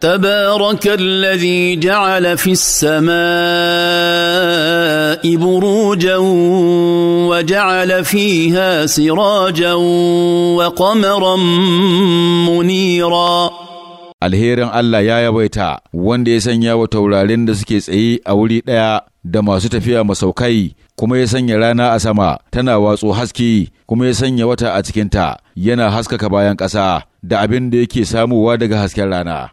تبارك الذي جعل في السماء بروجا وجعل فيها سراجا وقمرا منيرا alherin Allah ya yabaita wanda ya sanya wa taurarin da suke tsaye a wuri ɗaya da masu tafiya masaukai kuma ya sanya rana a sama tana watso haske kuma ya sanya wata a cikinta yana haskaka bayan ƙasa da abin da yake samuwa daga hasken rana.